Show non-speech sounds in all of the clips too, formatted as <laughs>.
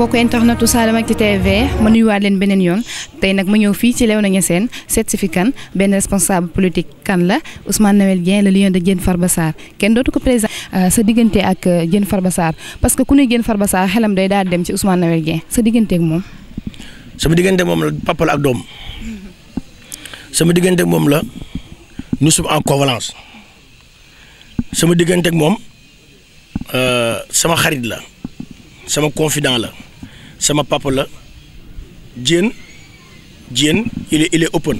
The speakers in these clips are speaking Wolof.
mbokk internetu Saloum Actu TV ma nuyuwaat leen beneen yoon tey nag ma ñëw fii ci Léona Niassène seet si fi kan benn responsable politique kan la Ousmane Noël Dieng la lion de Diène Farba Sarr kenn dootu ko président euh, sa diggante ak euh, Diène Farba Sarr parce que ku ne Diène Farba Sarr xelam day daal dem ci Ousmane Noël Dieng sa diggante ak moom. sama diggante moom la papa la diggante moom la nous sommes en convalence sama diggante ak moom euh, sama xarit la sama confident la. sama papa la Diène Diène il est il est open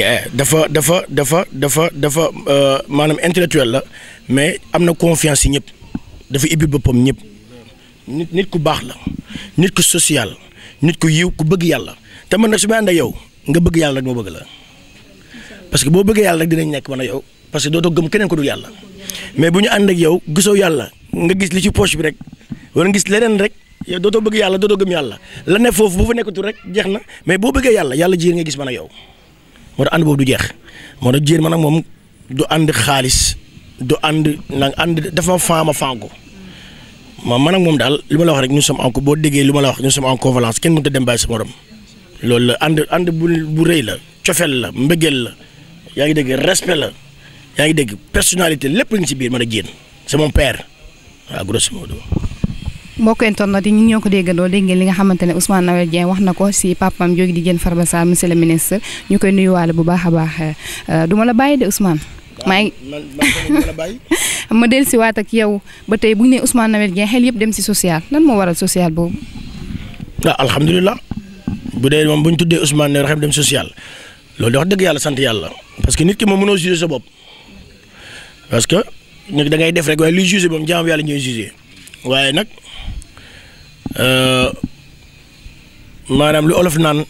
yeah dafa dafa dafa dafa dafa euh, maanaam intellectuel la mais am na confiance ci ñëpp dafa ibbi boppam ñëpp nit nit ku baax la nit ku social nit ku yiw ku bëgg yàlla te man nag su ma ànd ak yow nga bëgg yàlla rek moo bëgg la parce que boo bëggee yàlla rek dinañ nekk man a yow parce que dootoo gëm keneen ko dul yàlla mais bu ñu ànd ak yow gisoo yàlla nga gis li ci poche bi rek war gis leneen rek ya doto bëgg yalla doto gëm yalla la ne fofu bu fa nekkatul rek jeexna mais bo bëgg yalla yalla jiir nga gis man ak yow mo do and bo du jeex mo do jiir man ak mom du and xaalis du and nag and dafa faama fanko ma man ak mom dal luma la wax rek ñu sam anko bo déggé luma la wax ñu sam anko valence kenn mënta dem bay sa morom lool la and and bu bu reey la ciofel la mbëggeel la yaangi dégg respect la yaangi dégg personnalité lepp ngi ci biir mëna a c'est mon père waaw grosso modo mbokk internet yi ñun ñoo ko déggandoo dégg ngeen li nga xamante ne Ousmane Noël Dieng wax na ko si papam jógi di jën Farba Sarr monsieur le ministre ñu koy nuyuwaale bu baax a baax euh, du la bàyyi de Ousmane. maa ngi ma <laughs> del si waat ak yow ba tey bu ñu nee Ousmane nawet Dieng xel yëpp dem si social lan moo waral social boobu. waaw ah, alhamdulilah bu dee moom bu ñu tuddee Ousmane Noël xel dem social loolu de wax dëgg yàlla sant yàlla parce que nit ki moom mënoo juger sa bopp parce que nit da ngay def rek waaye luy juger yàlla ñooy juger. waaye nag euh, maanaam lu olof naan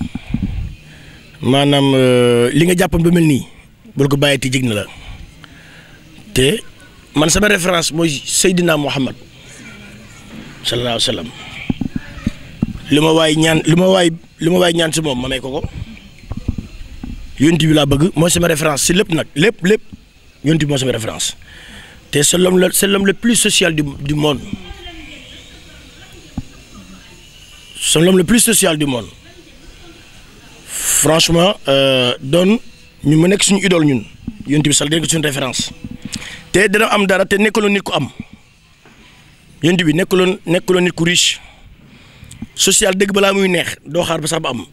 maanaam euh, li nga jàppoon ba mel nii bul ko bàyyi te jig na la te man sama référence mooy Muhammad sallallahu Alaihi Wasallam, sallam lu ma waay ñaan lu ma waay lu ma waay ñaan si moom ma may ko ko yonent bi laa bëgg mooy sama référence si lépp nag lépp lépp bi sama référence te c'est le c'est le plus social du du monde c'est l'homme le plus social du monde franchement euh, doon ñu mu nekk suñu idole ñun yonent bi sal dégg suñu référence am dara te nekkaloon nit ku am yonent bi nekkaloon nekkaloon nit ku riche social dëgg balaa muy neex doo xaar ba am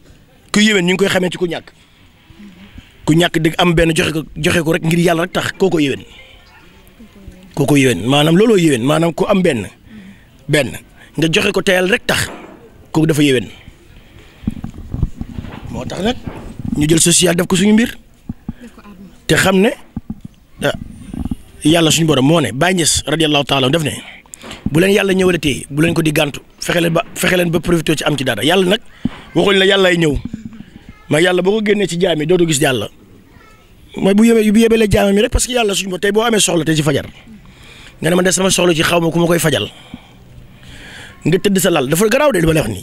ku yéwén ñu ngi koy xamee ci ku ñàkk ku am ben joxe ko joxe ko rek ngir yàlla rek tax koo ko koko yuen, maanam lolo maanaam looloo ku am ben, ben. nga joxe ko teyal rek kooku dafa yéwén moo tax nag ñu jël social def ko suñu mbir te xam ne yàlla suñu borom moo ne Baye Niass radiyallahu taala def ne bu leen yàlla ñëwalatee bu leen ko di gàntu fexe leen ba fexe leen ba profité ci am ci dara yàlla nag waxuñ la yàllaay ñëw ma yàlla boo ko génnee ci jaam yi dootu gis yàlla mooy bu yóbbee bu yóbbee la jaam mi rek parce que yàlla suñu borom tey boo amee soxla te ci fajar nga ne ma des sama soxla ci xaw ma ku ma koy fajal. nga tëdd sa lal dafa garaaw de dama lay wax ni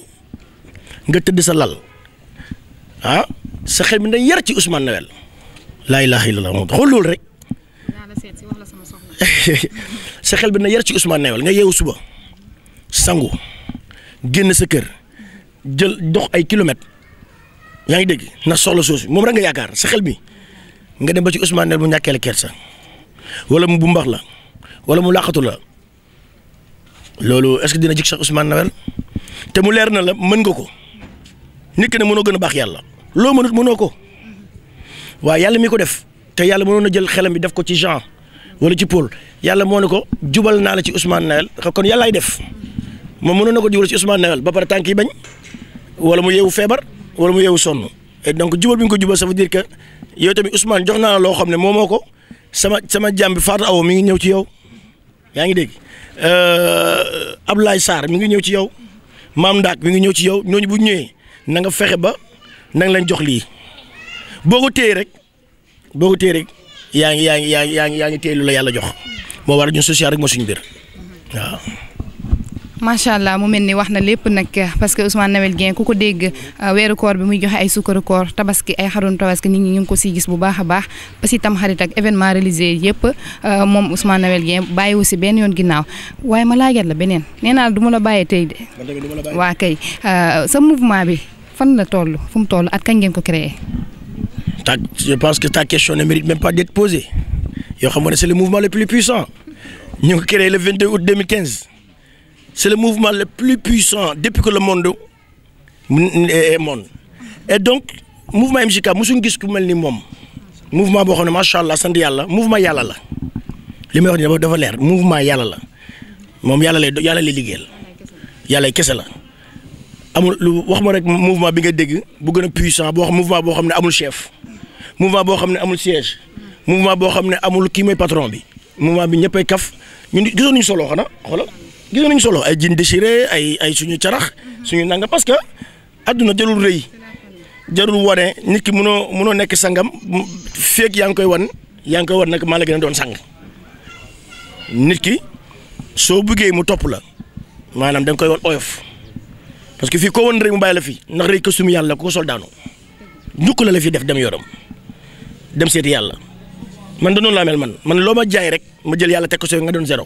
nga tëdd sa lal ah sa xel mi dañ yar ci Ousmane nawel la ilaha illallah mo xool loolu rek <laughs> sa xel bi na yar ci Ousmane nawel nga yeewu suba sangu genn sa kër jël dox ay kilomètres yaa ngi dégg na solo soosu mom ra nga yakar sa xel bi nga dem ba ci Ousmane nawel bu ñakkel kersa wala mu bu mbax la wala mu laqatu la. loolu est que dina jig Cheikh Ousmane te mu leer na la mën nga ko nit ki ne mënoo gën a baax yàlla loo mënut mënoo ko waaye yàlla mi ko def te yàlla mënoon na jël xelam bi def ko ci Jean wala ci Paul yàlla moo ne ko jubal naa la ci Ousmane Noël kon yàlla ay def moom mënoo ne ko jubal ci Ousmane Noël ba pare tànk yi bañ wala mu yeewu feebar wala mu yeewu sonn e donc jubal bi nga ko jubal ça veut dire que yow tamit Ousmane jox naa loo xam ne moo ko sama sama jàmm bi Fatou Awo mi ngi ñëw ci yow. yaa ngi dégg euh, Abdoulaye Sarr mu ngi ñëw ci yow Maam Ndaak mi ngi ñëw ci yow ñooñu bu ñëwee nanga fexe ba na lañ jox lii boo ko téye rek boo ko téye rek yaa ngi yaa ngi yaa ngi yaa ngi téye lu la yàlla jox moo waral ñun social rek moo suñu biir waaw. macha allah mu mel ni wax na lépp nag parce que Ousmane Noël Dieng ku ko dégg euh, weeru koor bi muy joxe ay sukkaru koor tabaski ay xarum tabaski nit ñi ñu ngi ko siy gis bu baax a baax ba si tam xarit ak événement yëpp euh, moom Ousmane Noël Dieng bàyyiwu si benn yoon ginnaaw waaye ma laajaat la beneen nee naa du ma la bàyyee tey de. waa kay euh, sa mouvement bi fan la toll fu mu toll at kañ ngeen ko créé. ta je pense que ta question ne mérite même pas d'être posée yoo le mouvement C'est le mouvement le plus puissant depuis que le monde est monde. Et donc, mouvement MJK, musuñ gis ku mel ni mouvement bo xam ne macha allah sant yalla mouvement yalla la li may wax ni dafa leer mouvement yalla la mom yalla lay yalla lay liguel yalla kese la amul lu wax ma rek mouvement bi nga deg bu gën puissant bo xam mouvement bo xam amul chef mouvement bo xam amul siège mouvement bo xam amul ki mooy patron bi mouvement bi ñeppay kaf ñu gisoon ñu solo xana xolal gis nañ solo ay jinn déchiré ay ay suñu charax suñu nanga parce que aduna jarul reuy jarul woné nit ki mëno mëno nek sangam fek yang koy won yang koy won nak mala gëna doon sang nit ki so bëggé mu top la manam dang koy won oyof parce que fi ko won reuy mu bayla fi nak reuy ko costume yalla ko soldano ñuk la la fi def dem yoram dem seeti yalla man da non la mel man man loma jaay rek ma jël yalla tek ko so nga doon zéro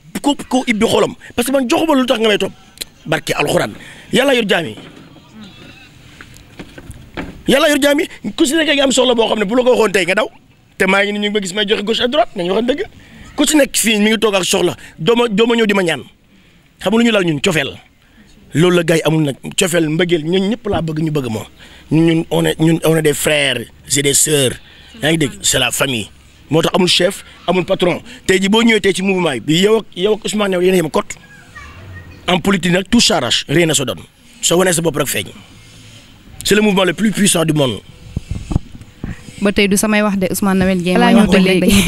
ko ko ibbi xolam parce que man joxuma lutax ngamay top barki topp yalla yor jami yalla yor jami ku ci nek nga am solo bo xamne bu la ko waxoon tay nga daw te ma ngi ni ñu ma gis may joxe gauche à droite nañu waxoon deug ku ci nek fi mi ngi tok ak soxla doma doma ñëw di ma ñaan xam lu ñu lal ñun ciofel loolu la gay amul nak ciofel mbegel ñun ñëpp la bëgg ñu bëgg mo ñun on est ñun on est des frères et des sœurs yaa ngi c'est la famille motax amul chef amul patron tay ji bo ñëwee tey ci mouvement bi yow ak yow ak Ousmane yow yéen yam yem kot en politique nak tout s'arrache rien ne se donne so wanee sa bop rek feeñ c'est le mouvement le plus puissant du monde. ba tay du samay wax de Ousmane Noël Dieng maa wax léegi dañuy <laughs> bàyyi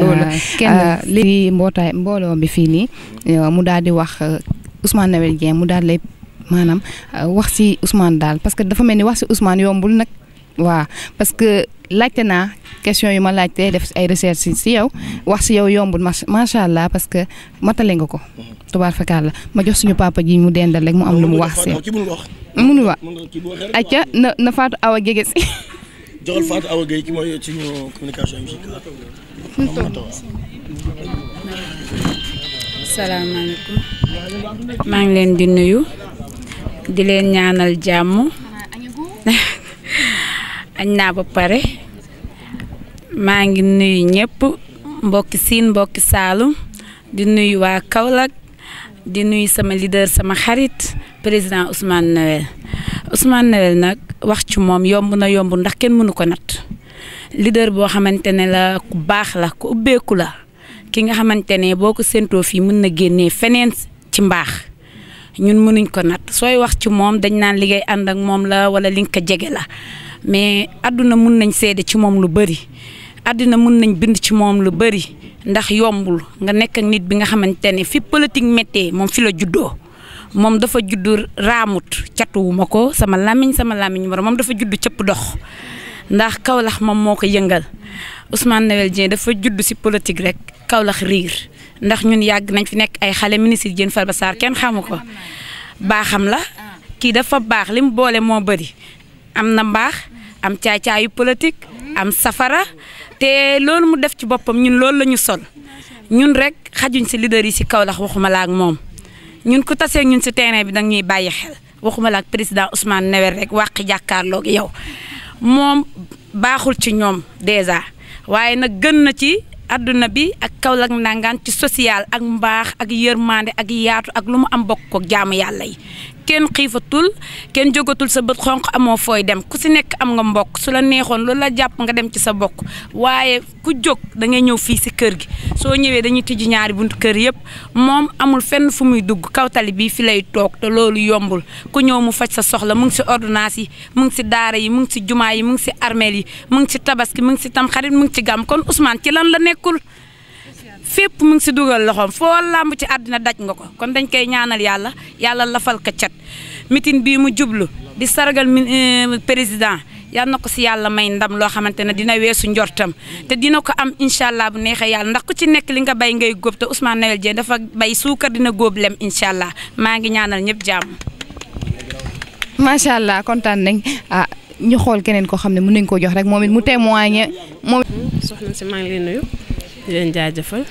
euh, kenn euh, li mbotay mbolo bi fi ni euh, mu daal di wax Ousmane Noël Dieng mu daal lay manam wax ci Ousmane dal parce que dafa melni wax ci Ousmane yombul nak wa parce que laccena question yu ma laaj tey def ay recherche si yow wax si yow yombul macha allah parce que matale nga ko. Mm-hmm. tubaar fakkaar la ma jox suñu papa ji mu dendal rek mu am lu mu wax seen. mënu wax acca na na Fatou Awa <laughs> ngi leen di nuyu di leen ñaanal jàmm <laughs> añ naa ba pare mangi nuyu ñepp mbokki siin mbokki saalum di nuyu wa kaolak di nuyu sama leader sama xarit president Ousmane Noël Ousmane Noël nak wax ci mom yomb na yomb ndax kenn mënu ko nat leader bo xamantene la ku bax la ku ubbeeku la ki nga xamantene boko sento fi séentoo fii mën na génnee feneen ci mbax ñun mënuñ ko nat soy wax ci mom dañ nan ligay and ak mom la wala link ka ko la mais aduna mën nañ sédé ci mom lu bari adina mën nañ bind ci moom lu bari ndax yombul nga nekk ak nit bi nga fi politique metté moom fi la juddoo moom dafa judd raamut catuwuma ko sama lamiñ sama lamiñ war moom dafa judd cëpp dox ndax kawlax moom moo ko yëngal Ousmane nawel Dieng dafa judd si politique rek kawlax riir ndax ñun yàgg nañ fi nekk ay xale ministre Diène Farba Sarr kenn xamu ko baaxam la kii dafa baax lim boole moo bëri am na mbaax am caay-caayu politique am safara te loolu mu def ci boppam ñun loolu la ñu sol ñun rek xajuñ si leader yi si Kaolack waxuma la ak moom ñun ko tasee ñun si terrain bi dang ñuy bàyyi xel waxuma président Ousmane Newer rek wàq jàkkaarloog yow moom baaxul ci ñoom dèjà waaye nag gën na ci adduna bi ak Kaolack nangaan ci social ak mbaax ak yërmande ak yaatu ak lu mu am bokk ko jaamu yàlla yi kenn xiifatul kenn jógatul sa bët xonq amoo fooy dem ku si nekk am nga mbokk su la neexoon loolu la jàpp nga dem ci sa bokk waaye ku jóg da ngay ñëw fii si kër gi soo ñëwee dañuy tijji ñaari buntu kër yëpp moom amul fenn fu muy dugg kawtali bii fi lay toog te loolu yombul ku ñëw mu faj sa soxla mu ngi si ordonnance yi mu ngi si daara yi mu ngi si jumaa yi mu ngi si armeel yi mu ngi si tabaski mu ngi si tamxarit mu ngi si gàmm kon Ousmane ci lan la nekkul fépp mu ngi ci dugal loxom fo lamb ci adina daj nga ko kon dañ koy ñaanal yalla yàlla lafal ka ciat mitin bi mu jublu di saragal eh, president ya nako ci si may ndam lo xamantene dina wessu njortam te dina ko am inshallah allah bu nexe yalla ndax ku ci nek li nga bay ngay góob te Ousmane dafa bay suukar dina gublem lem inshallah allah ngi ñaanal ñëpp ma sha allah kontaan nañ ah ñu xol keneen ko xamne mu mën nañ jox rek momit mu témoigner momit soxna ci ma ngi lay nuyu. di leen jaajëfal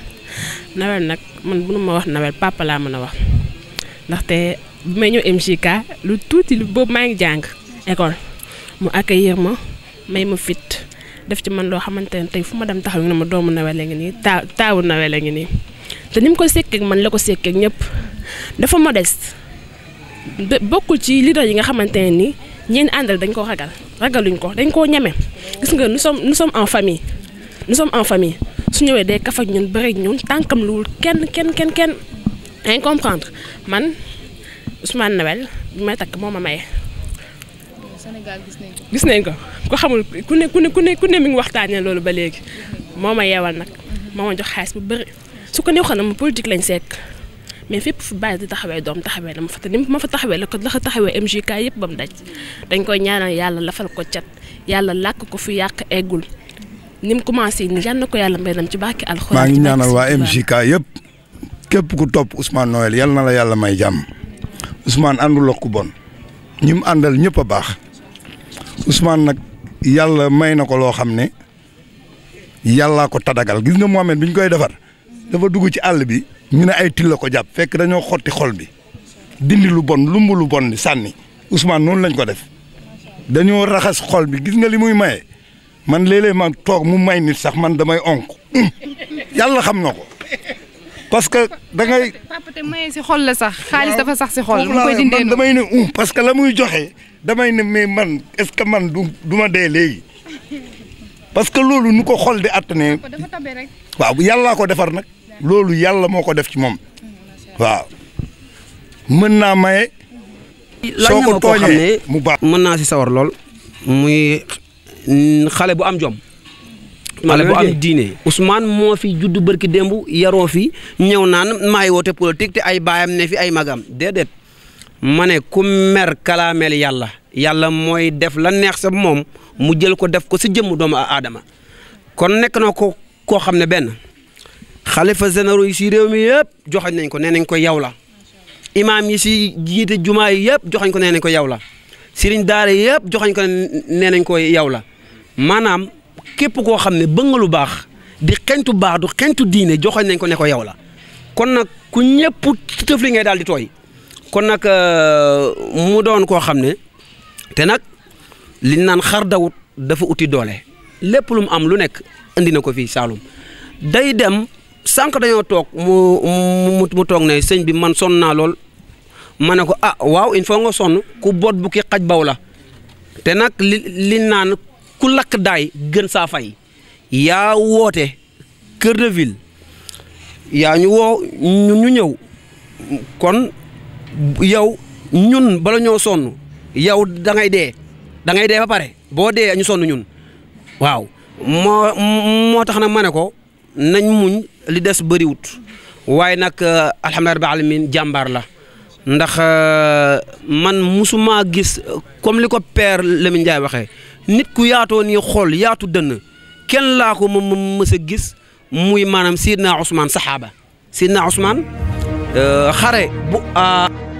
Nawel nag man mënu ma wax Nawel papa laa mën a wax ndaxte bi may ñëw MJK lu tuuti lu boobu maa ngi jàng école mu accueillir ma may ma fit def ci man loo xamante ne tey fu ma dem taxaw ñu ma doomu Nawel a ngi nii taa taawu Nawel a ngi nii te ni mu ko sekkee man la ko sekkee ñëpp dafa modeste bokkul ci leader yi nga xamante ne nii ñeen àndal dañ ko ragal ragaluñ ko dañ koo ñeme gis nga nous sommes en famille nous sommes en famille. su ñëwee day kaf ak ñun bëri ñun tànkam luwul kenn kenn kenn kenn dañ comprendre man Ousmane nawel bi may takk moo ma maye. Sénégal gis nañ ko. gis nañ ko ku xamul ku ne ku ne ku ne ku mi ngi waxtaanee loolu ba léegi moo ma yeewal nag moo ma jox xaalis bu bëri su ko neexoon na ma politique lañ sekk. mais fépp fu bàyyi di taxawee doom taxawee na ma fa ni ma fa taxawee la ko la ko taxawee MJK yëpp ba mu daj dañ koy ñaanal yàlla lafal ko cat yàlla làkk ko fu yàq eggul Nim commencé ni jann ko yalla may ci baki alxuraan. ma ngi ñaanal wa MJK yëpp kep ku top Ousmane Noël yalla na la yàlla may jam Ousmane andu lo ko bon nim andal ñepp baax Ousmane nak yalla may nako lo xamne yalla ko tadagal gis nga Mohamed biñ koy defar dafa dugg ci all bi ñu ne ay tilla ko japp fekk dañoo xotti xol bi dindi lu bon lumbu lu bon ni sanni Ousmane non lañ ko def dañoo raxas xol bi gis nga limuy maye. man léeg-léeg man toog mu may nit sax man damay onk yàlla xam na ko parce que da ngay. papa te si xol la sax. xaalis dafa sax si xol. mu koy dindee damay ne parce que la muy joxe damay ne mais man est-ce que man du du dee léegi parce que loolu nu ko xol di attanee. dafa tabe rek. waaw yàllaa ko defar nag. loolu yàlla moo ko def ci moom. waaw mën naa maye. soo ko tooñee mu baax mën naa si sawar lool muy xale bu am jom. xale bu am diine Ousmane moo fi juddu bërki démb yaroo fi ñëw naan maay woote politique te ay baayam ne fi ay magam déedéet ma ne ku mer kalaameel yàlla yàlla mooy def la neex sa moom mu jël ko def ko si jëmm doomu a aadama kon nekk na ko koo xam ne benn xalifa généraux yi si réew mi yëpp joxañ nañ ko nee nañ ko yow la imaam yi si jiite jumaa yi yëpp joxañ ko nee nañ ko yow la sëriñ daara yëpp joxañ ko nee nañ ko yow la manam képp ko xamne ne lu bax di xentu bax du xentu diine joxoñ nañ ko ne ko yaw la kon nak ku ñepp teuf li ngay dal di toy kon euh, mu doon ko xamne te nak li nane xar dawut dafa uti doole lepp lu mu am lu nek andi na ko fii day dem sank dañu tok mu mu mu ne señ bi man sonn naa lool ma ah waw il faut nga son ku bot bu ki xaj bawla te nak li nane ku lakk daay gën saa fay yaa woote Cœur de Ville yaa ñu woo ñun ñu ñëw kon yow ñun bala ñoo sonn yow da ngay dee da dee ba pare boo dee ñu sonn ñun waaw moo moo tax nag ma ne ko nañ muñ li des bëriwut waaye nag eh, alhamdulilah rabbil alamin jàmbaar la ndax eh, man musuma gis comme li ko la mi Ndiaye waxee nit ku yaatoo nii xool yaatu dënn kenn laa ko ma mës gis muy maanaam Seydina Ousmane saxaaba Seydina Ousmane euh, xare bu ah,